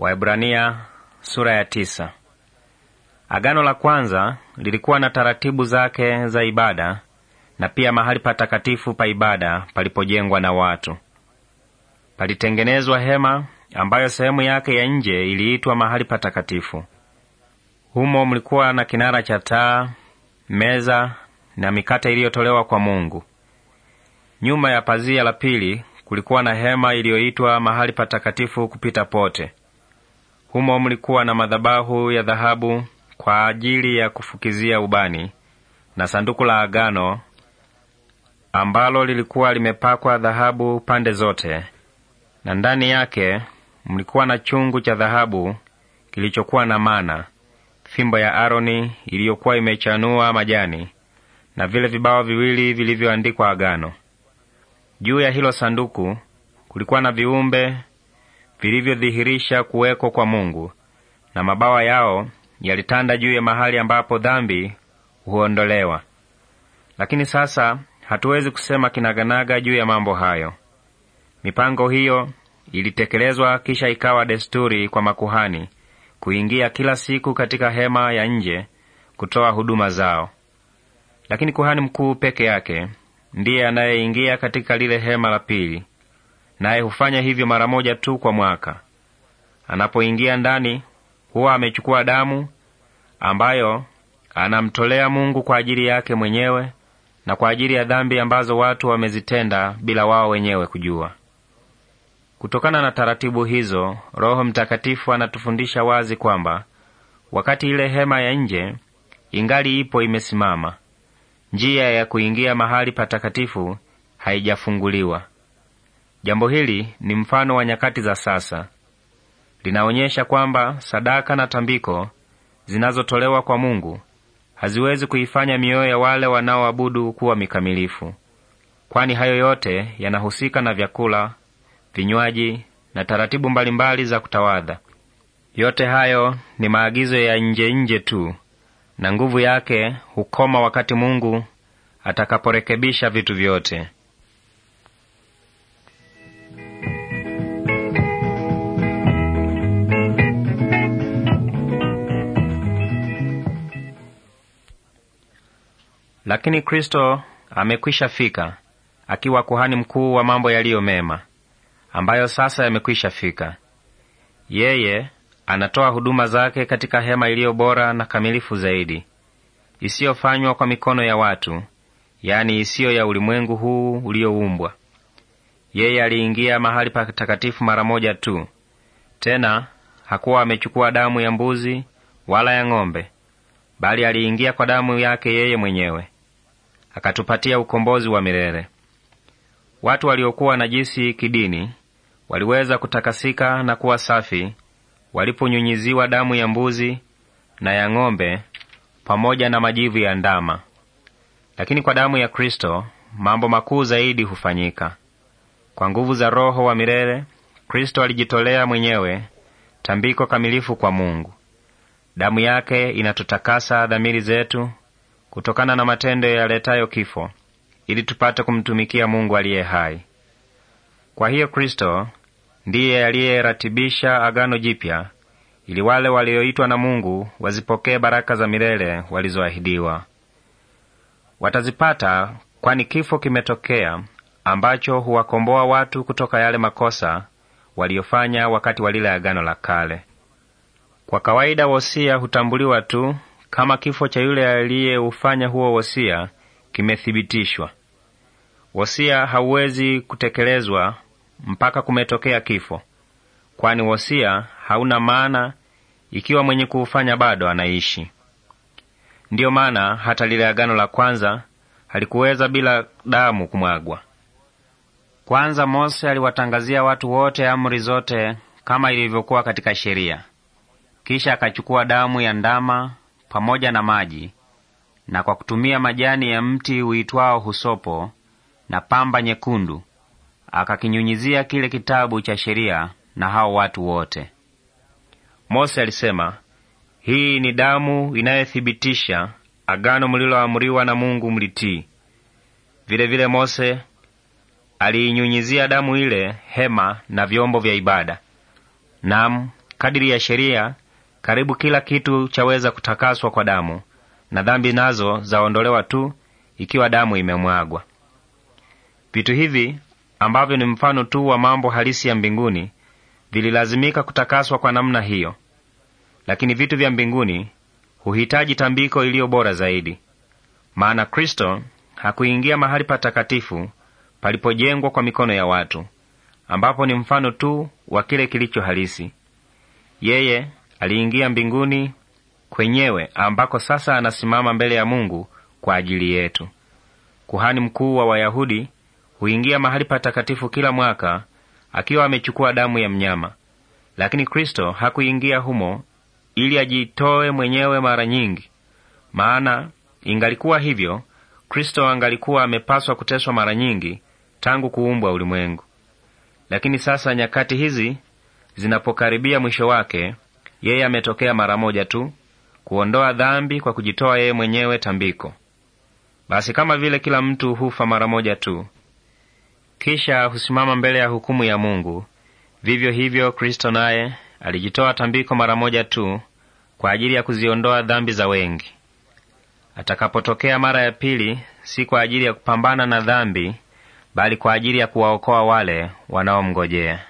Waebrania sura ya tisa. Agano la kwanza lilikuwa na taratibu zake za ibada na pia mahali patakatifu pa ibada palipojengwa na watu. Palitengenezwa hema ambayo sehemu yake ya nje iliitwa mahali patakatifu. Humo mlikuwa na kinara cha taa, meza na mikate iliyotolewa kwa Mungu. Nyuma ya pazia la pili kulikuwa na hema iliyoitwa mahali patakatifu kupita pote. Humo mlikuwa na madhabahu ya dhahabu kwa ajili ya kufukizia ubani na sanduku la agano ambalo lilikuwa limepakwa dhahabu pande zote, na ndani yake mlikuwa na chungu cha dhahabu kilichokuwa na mana, fimbo ya Aroni iliyokuwa imechanua majani, na vile vibao viwili vilivyoandikwa agano. Juu ya hilo sanduku kulikuwa na viumbe vilivyodhihirisha kuweko kwa Mungu, na mabawa yao yalitanda juu ya mahali ambapo dhambi huondolewa. Lakini sasa hatuwezi kusema kinaganaga juu ya mambo hayo. Mipango hiyo ilitekelezwa, kisha ikawa desturi kwa makuhani kuingia kila siku katika hema ya nje kutoa huduma zao. Lakini kuhani mkuu peke yake ndiye anayeingia katika lile hema la pili naye hufanya hivyo mara moja tu kwa mwaka. Anapoingia ndani, huwa amechukua damu ambayo anamtolea Mungu kwa ajili yake mwenyewe na kwa ajili ya dhambi ambazo watu wamezitenda bila wao wenyewe kujua. Kutokana na taratibu hizo, Roho Mtakatifu anatufundisha wazi kwamba wakati ile hema ya nje ingali ipo imesimama, njia ya kuingia mahali patakatifu haijafunguliwa. Jambo hili ni mfano wa nyakati za sasa. Linaonyesha kwamba sadaka na tambiko zinazotolewa kwa Mungu haziwezi kuifanya mioyo ya wale wanaoabudu kuwa mikamilifu, kwani hayo yote yanahusika na vyakula, vinywaji na taratibu mbalimbali za kutawadha. Yote hayo ni maagizo ya nje nje tu, na nguvu yake hukoma wakati Mungu atakaporekebisha vitu vyote. Lakini Kristo amekwisha fika akiwa kuhani mkuu wa mambo yaliyo mema ambayo sasa yamekwisha fika. Yeye anatoa huduma zake katika hema iliyo bora na kamilifu zaidi, isiyofanywa kwa mikono ya watu, yaani isiyo ya ulimwengu huu ulioumbwa. Yeye aliingia mahali patakatifu mara moja tu, tena hakuwa amechukua damu ya mbuzi wala ya ng'ombe, bali aliingia kwa damu yake yeye mwenyewe akatupatia ukombozi wa milele. Watu waliokuwa najisi kidini waliweza kutakasika na kuwa safi waliponyunyiziwa damu ya mbuzi na ya ng'ombe pamoja na majivu ya ndama. Lakini kwa damu ya Kristo mambo makuu zaidi hufanyika. Kwa nguvu za Roho wa milele, Kristo alijitolea mwenyewe tambiko kamilifu kwa Mungu. Damu yake inatutakasa dhamiri zetu kutokana na matendo yaletayo kifo, ili tupate kumtumikia Mungu aliye hai. Kwa hiyo Kristo ndiye aliyeratibisha agano jipya ili wale walioitwa na Mungu wazipokee baraka za milele walizoahidiwa. Watazipata kwani kifo kimetokea ambacho huwakomboa watu kutoka yale makosa waliyofanya wakati wa lile agano la kale. Kwa kawaida wosia hutambuliwa tu kama kifo cha yule aliyeufanya huo wosia kimethibitishwa. Wosia hauwezi kutekelezwa mpaka kumetokea kifo, kwani wosia hauna maana ikiwa mwenye kuufanya bado anaishi. Ndiyo maana hata lile agano la kwanza halikuweza bila damu kumwagwa. Kwanza Mose aliwatangazia watu wote amri zote kama ilivyokuwa katika sheria, kisha akachukua damu ya ndama pamoja na maji, na kwa kutumia majani ya mti uitwao husopo na pamba nyekundu, akakinyunyizia kile kitabu cha sheria na hao watu wote. Mose alisema, hii ni damu inayothibitisha agano mliloamriwa na Mungu mlitii. Vilevile Mose aliinyunyizia damu ile hema na vyombo vya ibada. Naam, kadiri ya sheria karibu kila kitu chaweza kutakaswa kwa damu, na dhambi nazo zaondolewa tu ikiwa damu imemwagwa. Vitu hivi ambavyo ni mfano tu wa mambo halisi ya mbinguni vililazimika kutakaswa kwa namna hiyo, lakini vitu vya mbinguni huhitaji tambiko iliyo bora zaidi, maana Kristo hakuingia mahali patakatifu palipojengwa kwa mikono ya watu, ambapo ni mfano tu wa kile kilicho halisi. Yeye aliingia mbinguni kwenyewe ambako sasa anasimama mbele ya Mungu kwa ajili yetu. Kuhani mkuu wa Wayahudi huingia mahali patakatifu kila mwaka akiwa amechukua damu ya mnyama, lakini Kristo hakuingia humo ili ajitoe mwenyewe mara nyingi. Maana ingalikuwa hivyo, Kristo angalikuwa amepaswa kuteswa mara nyingi tangu kuumbwa ulimwengu. Lakini sasa nyakati hizi zinapokaribia mwisho wake, yeye ametokea mara moja tu kuondoa dhambi kwa kujitoa yeye mwenyewe tambiko. Basi kama vile kila mtu hufa mara moja tu, kisha husimama mbele ya hukumu ya Mungu, vivyo hivyo Kristo naye alijitoa tambiko mara moja tu kwa ajili ya kuziondoa dhambi za wengi. Atakapotokea mara ya pili, si kwa ajili ya kupambana na dhambi, bali kwa ajili ya kuwaokoa wale wanaomngojea.